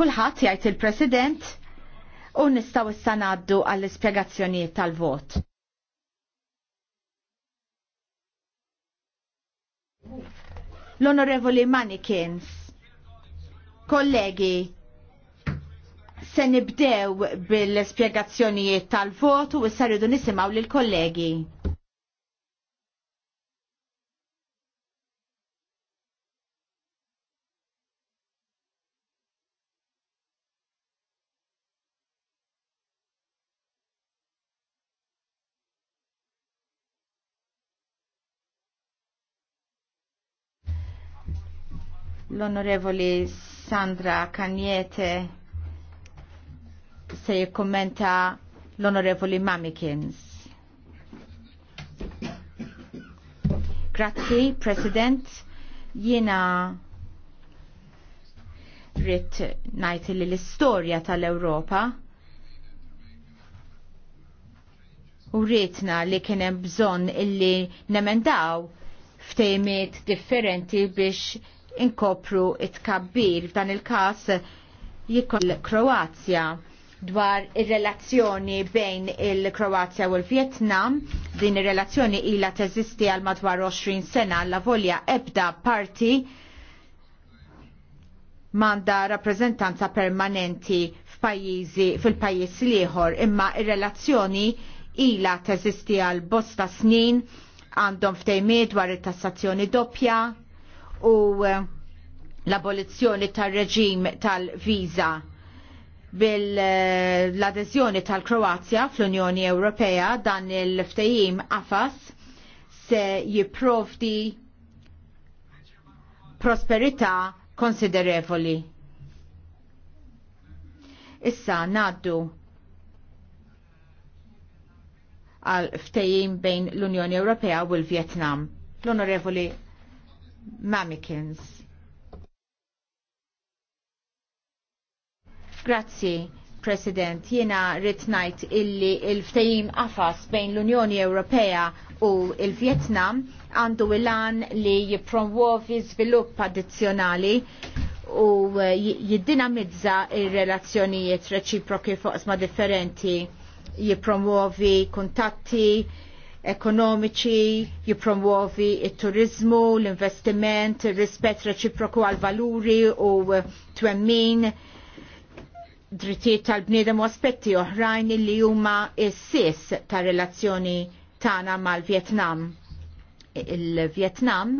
kulħadd jgħid il-President u nistgħu issa ngħaddu għall-ispjegazzjonijiet tal-vot. L-Onorevoli Manikins, kollegi, se nibdew bil-spiegazzjonijiet tal vot u s-saridu nisimaw lil kollegi L-Onorevoli Sandra Kaniete se jikkommenta l-Onorevoli Mamikins. Grazzi, President. Jiena rrit najt li l-istorja tal-Europa u rritna li kienem bżon illi nemendaw ftejmiet differenti biex inkopru it-kabbir f'dan il-kas jikol Kroazja dwar ir-relazzjoni bejn il-Kroazja u l-Vietnam. Din ir-relazzjoni ila teżisti għal madwar 20 sena la volja ebda parti manda rappreżentanza permanenti fil-pajjiż liħor imma ir-relazzjoni ila teżisti għal bosta snin għandhom ftejmi dwar it-tassazzjoni doppja, u eh, l-abolizzjoni tal-reġim tal-viza bil-adezjoni eh, tal-Kroazja fl-Unjoni Ewropea dan il-ftejim AFAS se jiprovdi prosperità konsiderevoli. Issa naddu għal ftejim bejn l-Unjoni Ewropea u l-Vietnam. L-Onorevoli Mamikins. Grazzi, President. Jena ritnajt illi il-ftajim qafas bejn l-Unjoni Ewropea u il-Vietnam għandu il għan li jipromuovi svilupp addizzjonali u jiddinamizza il-relazzjonijiet reċiproki fuq differenti jipromuovi kuntatti ekonomiċi, jipromuovi il-turizmu, l-investiment, rispet reċiproku għal-valuri u eh, twemmin, drittijiet tal-bniedem u aspetti oħrajn li huma s-sis ta' relazzjoni tagħna mal-Vjetnam. Il-Vjetnam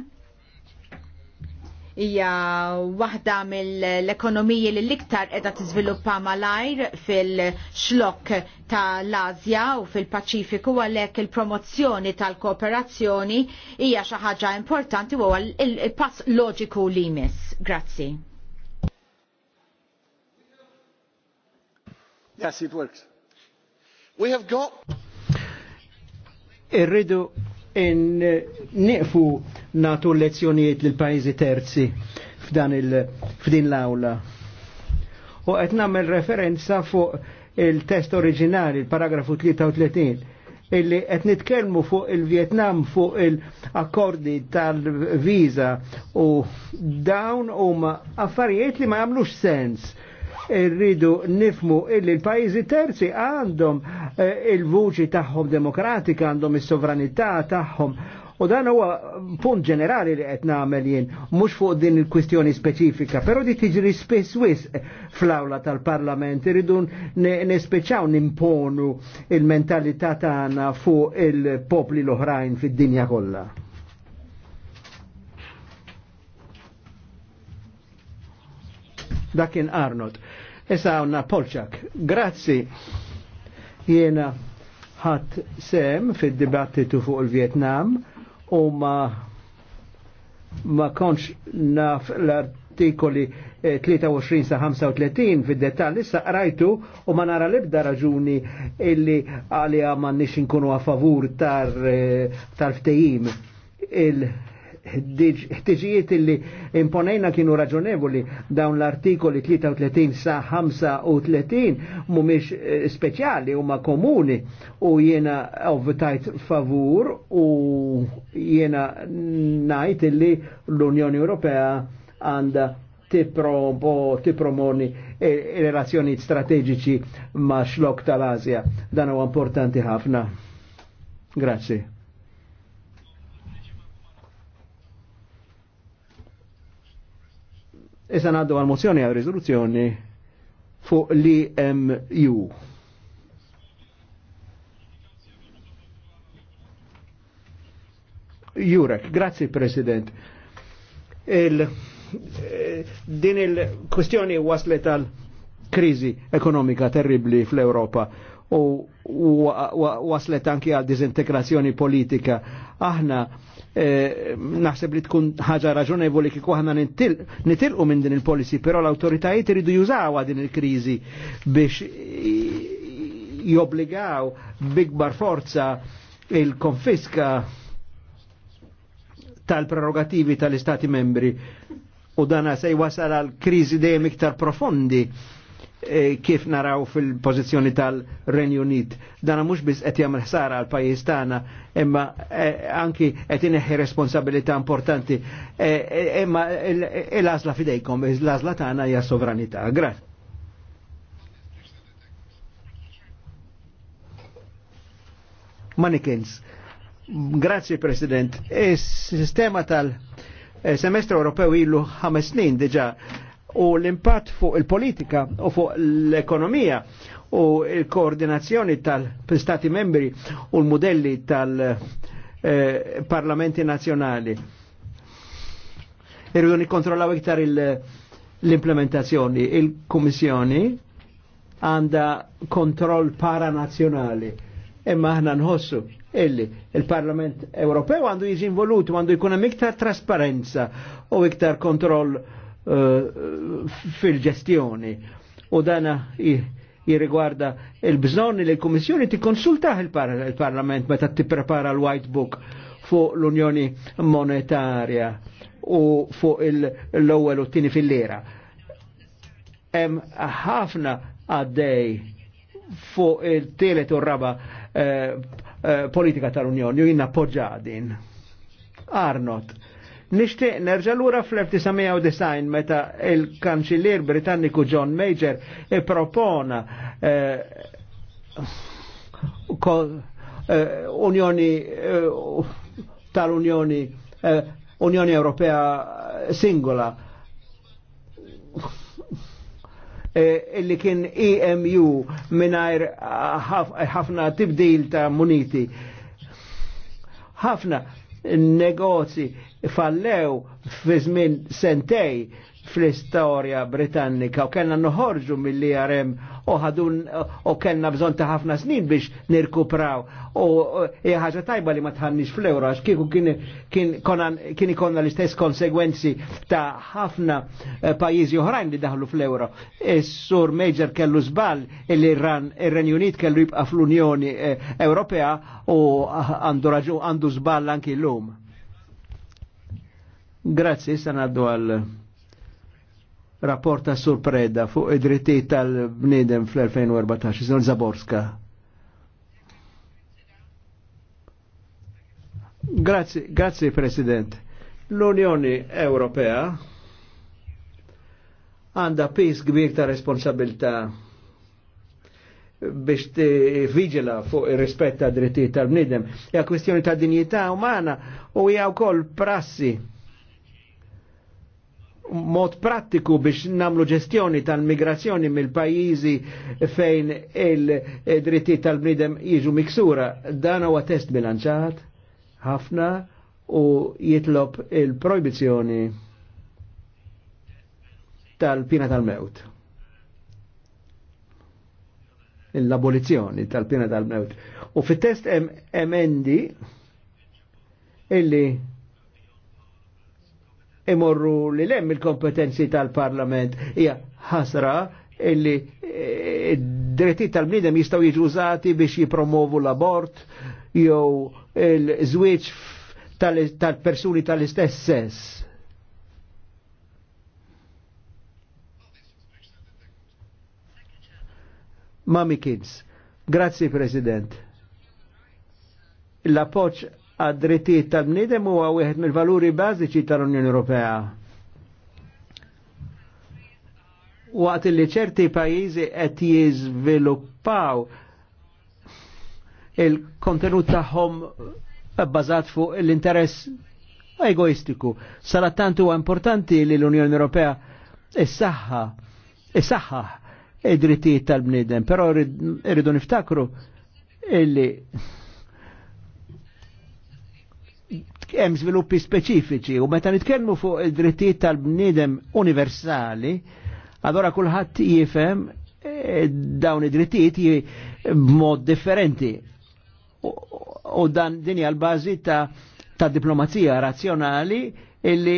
hija waħda mill-ekonomiji li l-iktar edha tiżviluppa malajr fil-xlok tal-Azja u fil-Paċifiku għalhekk il-promozzjoni tal-kooperazzjoni hija xi ħaġa importanti u il-pass loġiku li jmiss. Grazzi. Yes, it works. We have got... Irridu in eh, niqfu natu lezzjonijiet lil pajjiżi terzi f'dan il f'din l-awla. U qed nagħmel referenza fuq il-test oriġinali, il-paragrafu 33, illi qed nitkellmu fuq il-Vjetnam fuq il-akkordi tal-viża u dawn huma affarijiet li ma jagħmlux sens Irridu nifmu illi l-pajjiżi terzi għandhom eh, il-vuċi tagħhom demokratika, għandhom is-sovranità tagħhom. U dan huwa punt ġenerali li qed nagħmel jien, mhux fuq din il-kwistjoni speċifika, però di tiġri spiss wis fl-awla tal-Parlament iridu nispeċaw nimponu il-mentalità tagħna fuq il-popli l-oħrajn fid-dinja kollha. dakin Arnold. Issa għonna Polċak. Grazzi jena ħat sem fil-dibattitu fuq il-Vietnam u ma ma konċ naf l-artikoli 23 eh, sa 35 fil-detal issa rajtu u ma nara l-ibda raġuni illi għalija ma nix nkunu a favur tar, eh, tar ftejim il- ħtiġijiet illi imponejna kienu raġonevoli dawn l-artikoli 33 sa 35 mumiex eh, speċjali u ma komuni u jena ovvitajt favur u jena najt illi l-Unjoni Ewropea għanda tipromoni eh, relazzjoni strategiċi ma' xlok tal-Azja. Dan huwa importanti ħafna. Grazie. Issa għaddu għal-mozzjoni għal riżoluzzjoni fuq l-IMU. Jurek, grazzi President. Il, eh, din il-kwestjoni waslet għal krizi ekonomika terribli fl-Europa u waslet anki għal dizintegrazzjoni politika. Aħna eh, naħseb li tkun ħaġa raġonevoli kiku aħna nitilqu minn din il-policy, pero l-autoritajiet iridu jużawa din il-kriżi biex jobbligaw bigbar forza il-konfiska tal-prerogativi tal-Istati membri u dana se wasal għal kriżi dejjem iktar profondi E, kif naraw fil-pozizjoni tal-Renju Unit. Dana mux biz qed jagħmel ħsara għal pajjiż tagħna, imma e, anki qed ineħħi responsabilità importanti. E, imma il għażla fidejkom, l-għażla tagħna hija sovranità. Grazie. Mannequins. Grazie President. Is-sistema tal-semestru Ewropew ilu ħames snin diġà u l-impatt fuq il-politika u fuq l-ekonomija u il-koordinazzjoni tal-Stati membri u l-modelli tal-parlamenti nazjonali. Irridu nikkontrollaw iktar l-implementazzjoni. Il-Kummissjoni għanda kontroll paranazzjonali. Imma aħna nħossu illi il-Parlament Ewropew għandu jiġi involut, għandu jkun hemm iktar trasparenza u iktar kontroll Eh, fil-ġestjoni. U dana jirrigwarda il-bżonni li l-Kommissjoni konsultaħ il-Parlament meta ti prepara l-White Book fuq l-Unjoni Monetarja u fuq l-ewwel u t-tieni fil-lira. Hemm ħafna għaddej fuq il-telet u raba eh, eh, politika tal-Unjoni u jien poġġadin. din. Arnott Nishtiq nerġa' lura fl-1990 meta il-Kanċillier Britanniku John Major propona eh, eh, unjoni eh, tal-Unjoni eh, Unjoni Ewropea singola eh, illi kien EMU minnajr ħafna tibdil ta' muniti. ħafna negozi fallew fi żmien sentej fl-istorja Britannika u kellna noħorġu mill-IRM u ħadun u kellna bżon ta' ħafna snin biex nirkupraw u ħaġa tajba li ma tħannix fl-euro għax kieku kien ikonna l-istess konsegwenzi ta' ħafna eh, pajjiżi oħrajn li daħlu fl-euro. Is-sur Major kellu żball li ir-Ren Unit kellu jibqa' fl-Unjoni eh, Ewropea u għandu raġu għandu żball anki l-lum. Grazie, sanaddu għal rapporta surpreda fuq id-drittijiet tal-bniedem fl-2014, Zon Zaborska. Grazie, grazie President. L-Unjoni Ewropea għanda pis kbir ta' responsabilta biex vigila fuq ir rispetta ta' drittijiet tal-bniedem. Ja' kwestjoni ta' dinjità umana u hija kol prassi mod prattiku biex namlu ġestjoni tal-migrazzjoni mill-pajizi fejn il-dritti tal-bnidem jiġu miksura. Dan huwa test bilanċat ħafna u jitlob il projbizzjoni tal-pina tal-mewt. L-abolizjoni tal-pina tal-mewt. U fit-test emendi illi imorru li lem il-kompetenzi tal-Parlament. Hija ħasra illi eh, id-drittijiet tal bnidem jistaw jġużati biex jipromovu l-abort jew il zwiċ tal-persuni tal-istess sess. Mami Kins, Grazzi President. L-appoċ għad-drittijiet tal-bniedem huwa wieħed mill-valuri bażiċi tal-Unjoni Ewropea. Waqt li ċerti pajjiżi qed jiżviluppaw il-kontenut tagħhom bbażat fuq l-interess egoistiku. Sarattant huwa importanti li l-Unjoni Ewropea is-saħħa id-drittijiet tal-bniedem, però irridu niftakru illi hemm żviluppi speċifiċi u meta nitkellmu fuq id-drittijiet tal-bniedem universali, allora kulħadd jifhem eh, dawn id-drittijiet b'mod differenti. U dan din hija l-bażi ta' ta' diplomazija razzjonali illi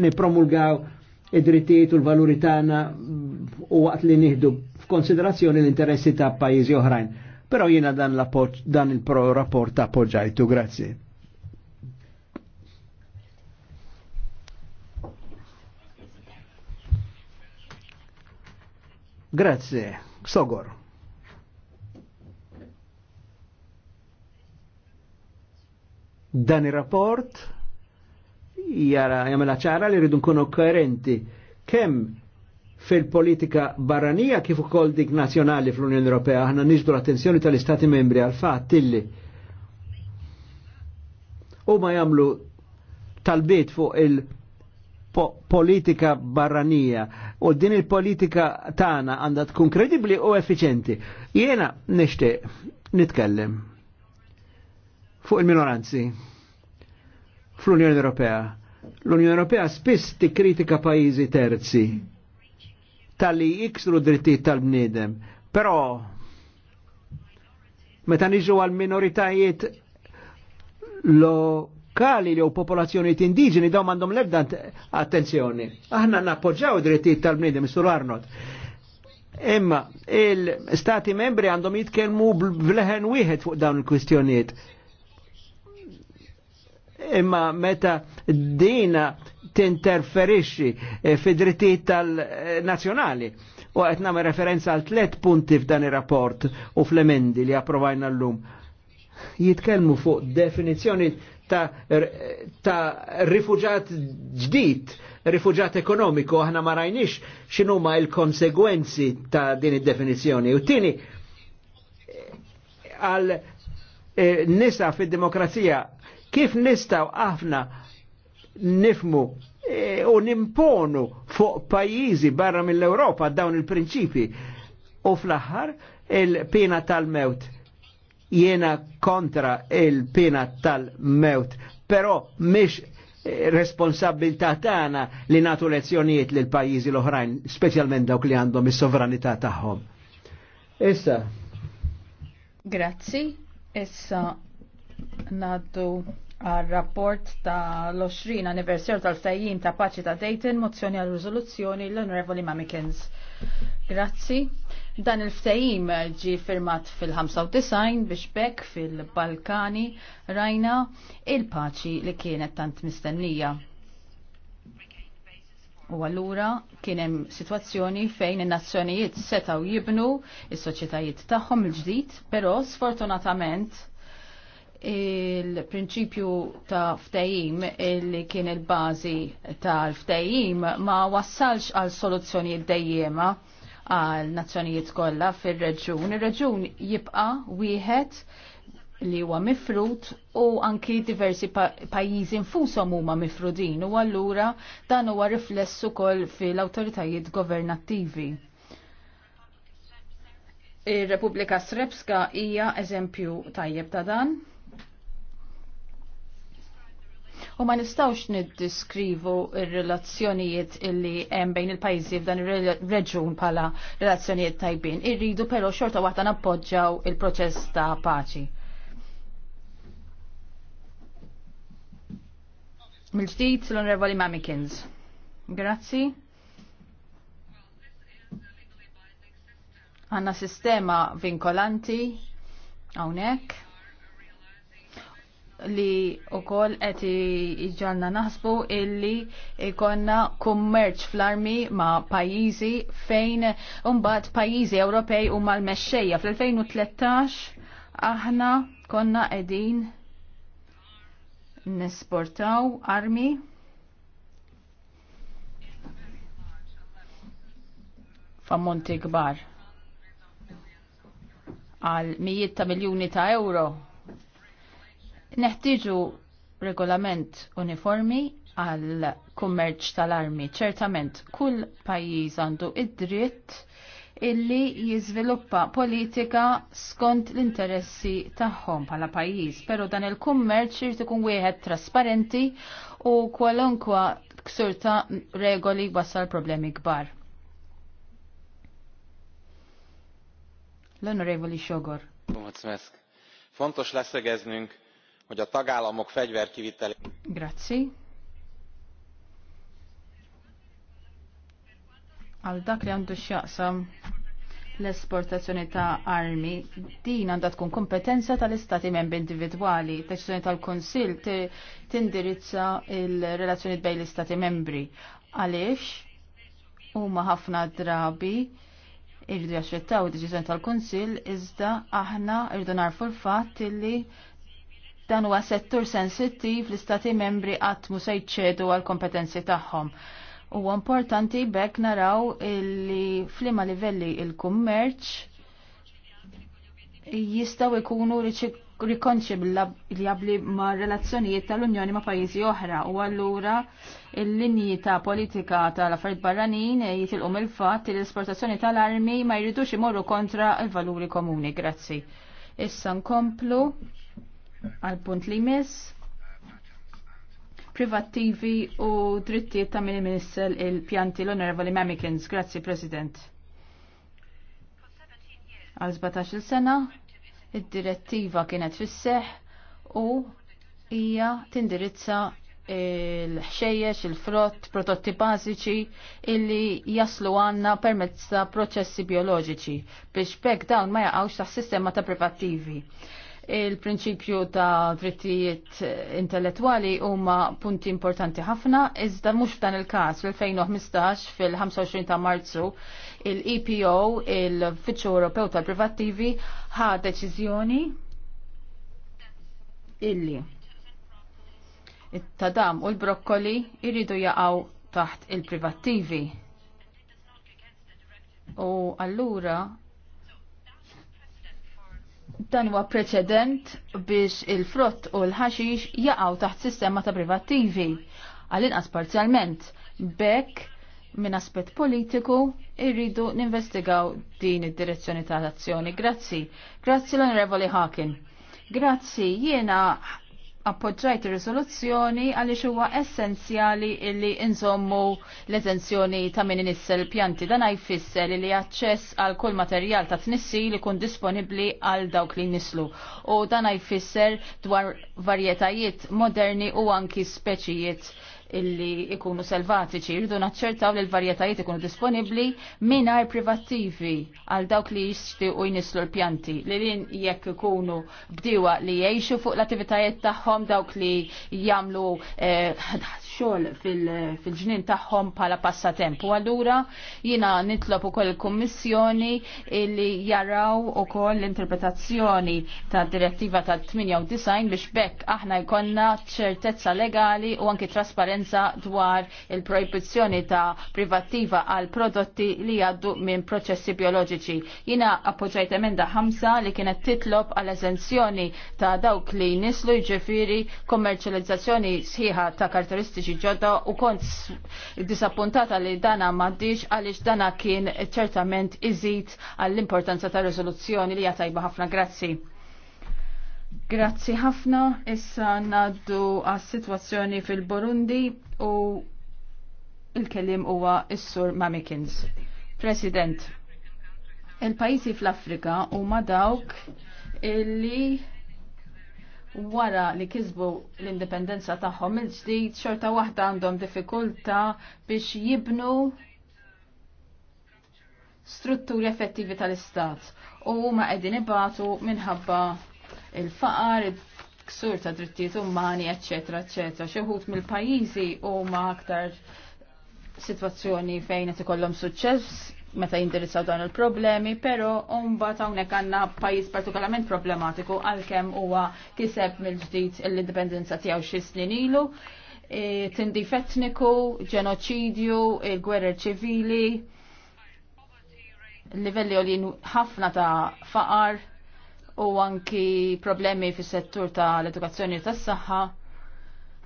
nipromulgaw id-drittijiet u l-valuri tagħna u waqt li nieħdu f'konsiderazzjoni l-interessi ta' pajjiżi oħrajn. Però jiena dan, dan il-rapport appoġġajtu, grazzi. Grazie, Sogor. Dan il rapport jara jamela ċara li rridu nkunu koerenti kemm fil-politika barranija kif ukoll dik nazzjonali fl-Unjoni Ewropea aħna niġdu l-attenzjoni tal-Istati membri għal fatt illi u ma jagħmlu talbiet fuq il-politika barranija u din il-politika tagħna għandha tkun kredibbli u effiċenti. Jiena nixtieq nitkellem fuq il-minoranzi fl-Unjoni Ewropea. L-Unjoni Ewropea spiss tikkritika pajjiżi terzi tal-li jiksru drittijiet tal-bniedem, però meta niġu għal minoritajiet lo lokali jew popolazzjonijiet indiġeni dawn mandom l-ebda attenzjoni. Aħna nappoġġaw id-drittijiet tal-bniedem sur Arnold. Imma il-stati membri għandhom jitkellmu bleħen wieħed fuq dawn il-kwistjonijiet. Imma meta dina tinterferixxi eh, fid drittijiet tal-nazzjonali. U qed nagħmel referenza għal tliet punti f'dan ir-rapport u fl-emendi li approvajna llum. Jitkellmu fuq definizzjoni ta', ta rifuġat ġdid, rifugjat ekonomiku, aħna ma rajnix x'inhuma l-konsegwenzi ta' din id-definizzjoni. U tini, għal eh, nisa fid-demokrazija, kif nistaw aħna nifmu eh, u nimponu fuq pajjiżi barra mill-Europa dawn il-prinċipi u fl-aħħar il-pena tal-mewt Jiena kontra il-pina tal-mewt, però mish responsabilità tagħna li natu lezzjonijiet l pajjiżi l-oħrajn, speċjalment dawk li għandhom is-sovranità tagħhom. Issa. Grazzi. Issa naddu għal rapport ta' l-20 anniversario tal-ftajjim ta' paċi ta' Dayton, mozzjoni għal riżoluzzjoni l-Onorevoli Mamikins. Grazzi. Dan il-ftajim ġi firmat fil-95 biex bekk fil-Balkani rajna il-paċi li kienet tant mistennija. U allura kien hemm sitwazzjoni fejn in-nazzjonijiet setgħu jibnu il soċjetajiet tagħhom il-ġdid, però sfortunatament il-prinċipju ta' ftajim li kien il-bażi tal-ftajim ma wassalx għal soluzzjoni id-dajjema għal nazzjonijiet kollha fir-reġun. Ir-reġun jibqa' wieħed li huwa mifrut u anki diversi pajjiżi nfushom huma mifrudin u allura dan huwa rifless ukoll fil-awtoritajiet governattivi. Ir-Repubblika Srebska hija eżempju tajjeb ta' dan u ma nistawx niddiskrivu il relazzjonijiet illi hemm bejn il-pajjiżi f'dan ir-reġun pala relazzjonijiet tajbin. Irridu però xorta waħda nappoġġaw il-proċess ta' paċi. Mil-ġdid l-Onorevoli Mamikins. Grazzi. Għanna sistema vinkolanti, għawnek li u kol qed iġġalna naħsbu illi ikonna kummerċ fl-armi ma' pajjiżi fejn mbagħad pajjiżi Ewropej u mal-mexxejja fl-2013 aħna konna qegħdin nesportaw armi f'ammonti kbar għal mijiet ta' miljuni ta' euro Neħtiġu regolament uniformi għal kummerċ tal-armi. Ċertament, kull pajjiż għandu id-dritt illi jiżviluppa politika skont l-interessi tagħhom bħala pajjiż, però dan il-kummerċ irid ikun wieħed trasparenti u kwalunkwa ksur ta' regoli wasal problemi kbar. L-Onorevoli Xogor. Fontos leszegeznünk, hogy a tagállamok fegyverkiviteli. Grazzi. Għal dak li għandu xjaqsam l-esportazzjoni ta' armi din għandha tkun kompetenza tal-istati membri individwali, deċiżjoni tal-Konsil tindirizza il-relazzjoni bejn l-istati membri. Għaliex huma ħafna drabi irridu jaċċettaw id-deċiżjoni tal-Kunsill iżda aħna rridu narfu l-fatt illi Dan huwa settur sensittiv l-istati membri qatt mu se jċedu għal kompetenzi tagħhom. Huwa importanti bekk naraw li flima livelli il-kummerċ jistaw ikunu rikonċibli ma' relazzjonijiet tal-Unjoni ma' pajjiżi oħra u allura il-linji ta' politika tal-affarijiet barranin jitilqu mill-fatt li l-esportazzjoni tal-armi ma jridux imorru kontra l-valuri komuni. Grazzi. Issa nkomplu għal punt li jmiss privattivi u drittijiet ta' min Minister il-pjanti l-Onorevoli Mamikins. Grazzi, President. Għal 17 sena, id-direttiva kienet fisseħ u hija tindirizza il-ħxejjex, il-frott, prodotti bażiċi illi jaslu għanna permezz ta' proċessi bioloġiċi biex bekk dawn ma jaqgħux ta' sistema ta' privattivi il-prinċipju ta' drittijiet intellettuali huma punti importanti ħafna, iżda mhux f'dan il-każ fil-2015 fil-25 ta' Marzu il-EPO, il-Fiċċju Ewropew tal-Privattivi, ħa deċiżjoni illi it-tadam u l-brokkoli iridu jaqgħu taħt il-privattivi. U allura Dan huwa preċedent biex il-frott u l-ħaxix jaqgħu taħt sistema ta' privattivi għal-inqas parzjalment. Bekk minn aspett politiku irridu ninvestigaw din id-direzzjoni tal azzjoni. Grazzi. Grazzi l-Onorevoli Hawking. Grazzi, jiena appoġġajt ir-riżoluzzjoni għaliex huwa essenzjali illi inżommu l-eżenzjoni ta' min inissel pjanti dan jfisser li aċċess għal kull materjal ta' tnissi li kun disponibbli għal dawk li nislu. U dan jfisser dwar varjetajiet moderni u anki speċijiet illi ikunu selvatiċi, rridu naċċertaw li l-varjetajiet ikunu disponibli mingħajr privattivi għal dawk li u jnislu l-pjanti. Li lin jekk ikunu bdiewa li jgħixu fuq l-attivitajiet tagħhom dawk li jagħmlu eh, xogħol fil-ġnien tagħhom bħala passatemp. U allura jiena nitlob ukoll il-Kummissjoni li jaraw ukoll l-interpretazzjoni tad direttiva tal-98 biex bekk aħna jkollna ċertezza legali u anke trasparenza dwar il-proibizzjoni ta' privattiva għal prodotti li jgħaddu minn proċessi bioloġiċi. Jiena appoġġajt emenda 5 li kienet titlob għal eżenzjoni ta' dawk li nislu ġifiri kommerċializzazzjoni sħiħa ta' karakteristiċi politiċi ġodda u kont disappuntata li dana maddiġ għaliex dana kien ċertament iżid għall-importanza ta' rezoluzzjoni li jatajba ħafna grazzi. Grazzi ħafna, issa naddu għas situazzjoni fil-Burundi u il-kelim huwa issur sur Mamikins. President, il-pajjiżi fl-Afrika huma dawk illi wara li kisbu l-indipendenza tagħhom il-ġdid xorta waħda għandhom diffikulta biex jibnu strutturi effettivi tal-istat u huma qegħdin ibatu minħabba il-faqar, il-ksur ta' drittijiet umani, eċċetera, eċċetera. Xi wħud mill-pajjiżi huma aktar situazzjoni fejn qed ikollhom suċċess meta jindirizzaw dan il-problemi, pero umba ta' unek għanna pajis partikolarment problematiku għal-kem huwa kiseb mill-ġdid l-indipendenza tijaw xisnin ilu, e, tindif etniku, ġenoċidju, il-gwerra ċivili, livelli għolin ħafna ta' faqar u anki problemi fis settur ta' l-edukazzjoni u tas saħħa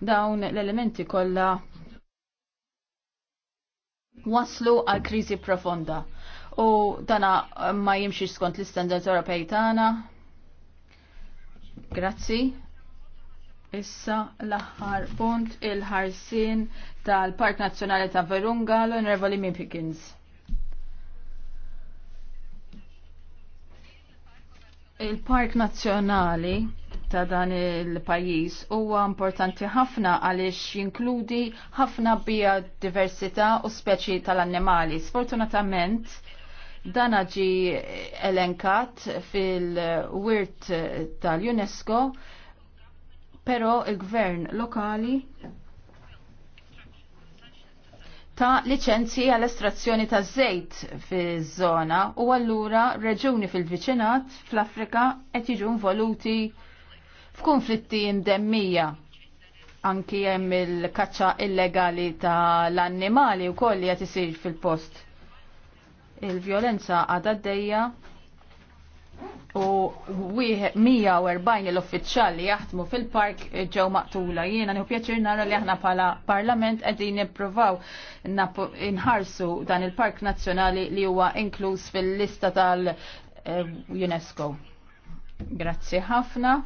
dawn l-elementi kollha waslu għal kriżi profonda. U tana ma jimxi skont l istandard Ewropej tagħna. Grazzi. Issa l-aħħar punt il-ħarsin tal-Park Nazzjonali ta' Verunga l-Onorevoli Mipikins. Il-Park Nazzjonali ta' dan il-pajis huwa importanti ħafna għaliex jinkludi ħafna bija diversità u speċi tal-annimali. Sfortunatament, dan ġi elenkat fil-wirt tal-UNESCO, pero il-gvern lokali ta' licenzji għal estrazzjoni ta' żejt fiż-żona u allura reġuni fil-viċinat fl-Afrika qed jiġu involuti f'konflitti imdemmija anki hemm il-kaċċa illegali tal-annimali u koll qed isir fil-post. Il-vjolenza għadha dejja u 140 l-uffiċjal li jaħdmu fil-park ġew maqtula. Jiena nieħu pjaċir nara li aħna bħala parlament qegħdin nippruvaw inħarsu dan il-Park Nazzjonali li huwa inkluż fil-lista tal-UNESCO. Eh, Grazzi ħafna.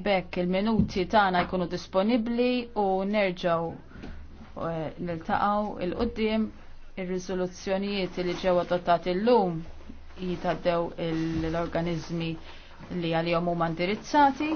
Bekk il-minuti tagħna jkunu disponibbli u nerġgħu eh, niltaqgħu il-qudiem ir-riżoluzzjonijiet li ġew adottati llum jitaddew l-organizmi li għalihom huma indirizzati